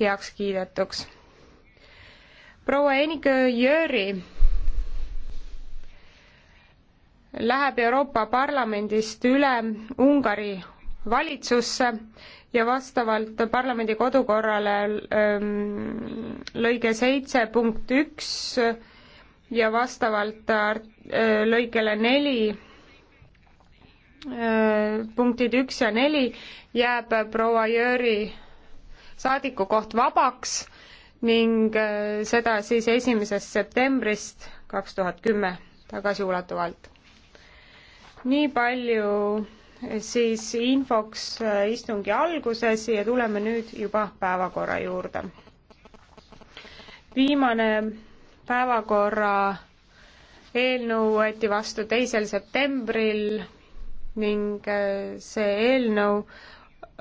heaks kiidetuks. proua Enike Jüri läheb Euroopa Parlamendist üle Ungari valitsusse ja vastavalt parlamendi kodukorrale ähm, lõige seitse punkt üks ja vastavalt äh, lõikele neli äh, punktid üks ja neli jääb proua Jüri saadikukoht vabaks ning äh, seda siis esimesest septembrist kaks tuhat kümme tagasiulatuvalt. nii palju äh, siis infoks äh, istungi alguses ja tuleme nüüd juba päevakorra juurde. viimane päevakorra eelnõu võeti vastu teisel septembril ning see eelnõu